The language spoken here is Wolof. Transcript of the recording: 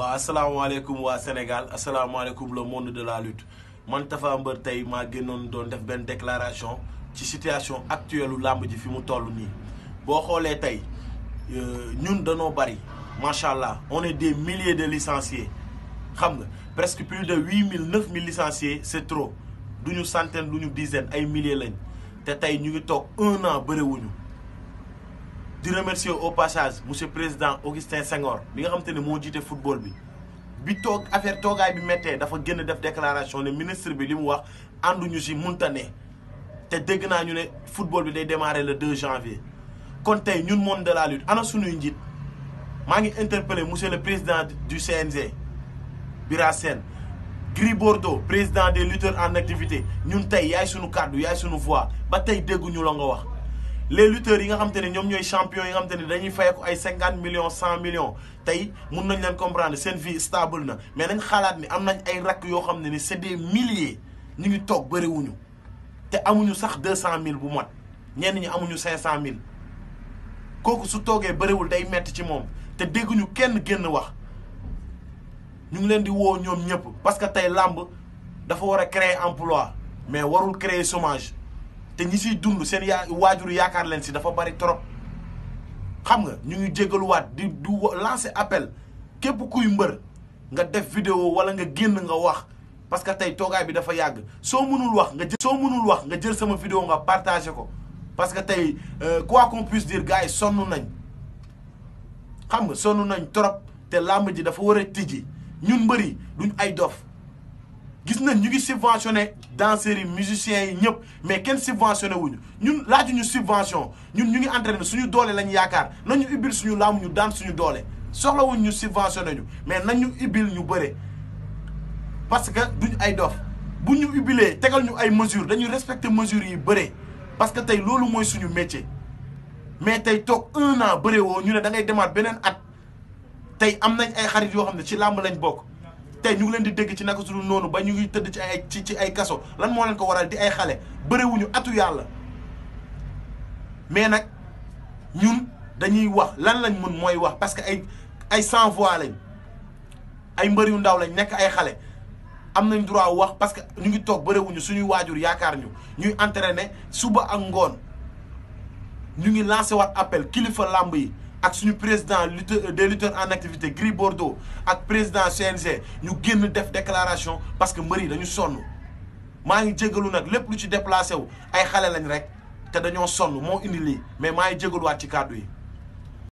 assalamu wa senegal Sénégal alaykum le monde de la lutte man suis Mbeur tay ma def déclaration situation actuelle lamb ji fi mu tollu nous bo xolé tay on est des milliers de licenciés xam presque plus de 8000, 9000 licenciés c'est trop duñu centaine dizaine milliers lañ ñu un an je remercie au passage monsieur président Augustin Senghor bi nga le te de football bi bi toog affaire toogaay bi méttee dafa déclaration le ministre bi dit qu'il wax ànduñu si munta te dégg naa football bi day démarrer le 2 janvier Donc, nous, ñun monde de la lutte ana suñuy nous maa ngi interpellé monsieur le président du CNZ, Bira Gris Bordeaux président des lutteurs en activité ñun tey yaay suñu kàddu yaay suñu voix ba tey dégguñu la nga les lutteurs yi nga champion yi nga dañuy ay 50 millions 100 millions tay mën nañ leen comprendre vie stable na mais nañ xalaat ni am nañ ay des milliers ngi amuñu sax bu mot ñi amuñu cent mille day metti ci mom te kenn wax ñu ngi leen parce que dafa emploi mais warul créer chômage té ñi suy dund seen ya waajur yaakar leen ci dafa bari trop xam nga ñu ñu ngi wat di lancer appel képp kuy mbeur nga def vidéo wala nga génn nga wax parce que tay togaay bi dafa yàgg so mënul wax nga so mënul wax nga jël sama vidéo nga partager ko parce que tay euh, quoi qu'on puisse dire gaay sonu nañ xam nga sonu nañ trop té lamb ji dafa wara a ñun mbeuri duñ ay dof gis nañ ñu ngi subventionné danseurs musiciens yi ñëpp mais kenn subventionné wuñu ñun laaju ñu subvention ñun ñu ngi entraîné suñu doole lañ yaakaar ñu ubbil suñu laamu ñu daan suñu doole soxlawuñ ñu subventionné ñu mais nañ ñu ubbil ñu bëre parce que duñ ay dof bu ñu ubbilee tegal ñu ay mesures dañu respecter mesures yi bëre parce que tey loolu mooy suñu métier mais tey toog un an bëre woo ñu ne da ngay demaat beneen at tey am nañ ay xarit yoo xam ne ci làmb lañ bokk tay ñu ngi leen di dégg ci naka sudul noonu ba ñu ngi tëdd ci ay ci ci ay kaso lan moo leen ko waral di ay xale bëriwuñu atu yàlla mais nag ñun dañuy wax lan lañ mën mooy wax parce que ay ay sans voix lañ ay mbër yu ndaw lañ nekk ay xale am nañ droit wax parce que ñu ngi toog bëriwuñu suñuy waajur yaakaar ñu ñuy entraîner suba ak ngoon ñu ngi lancé wat appel kilifa lamb yi ak suñu président lutteur euh, des lutteurs en activité Gris Bordeaux ak président CNG ñu génn def déclaration parce que mbër dañu sonn maa ngi jégalu nag lépp lu ci déplacé wu ay xale lañ rek te dañoo sonn moo indi lii mais maa ngi jégaluwaat ci kàddu yi.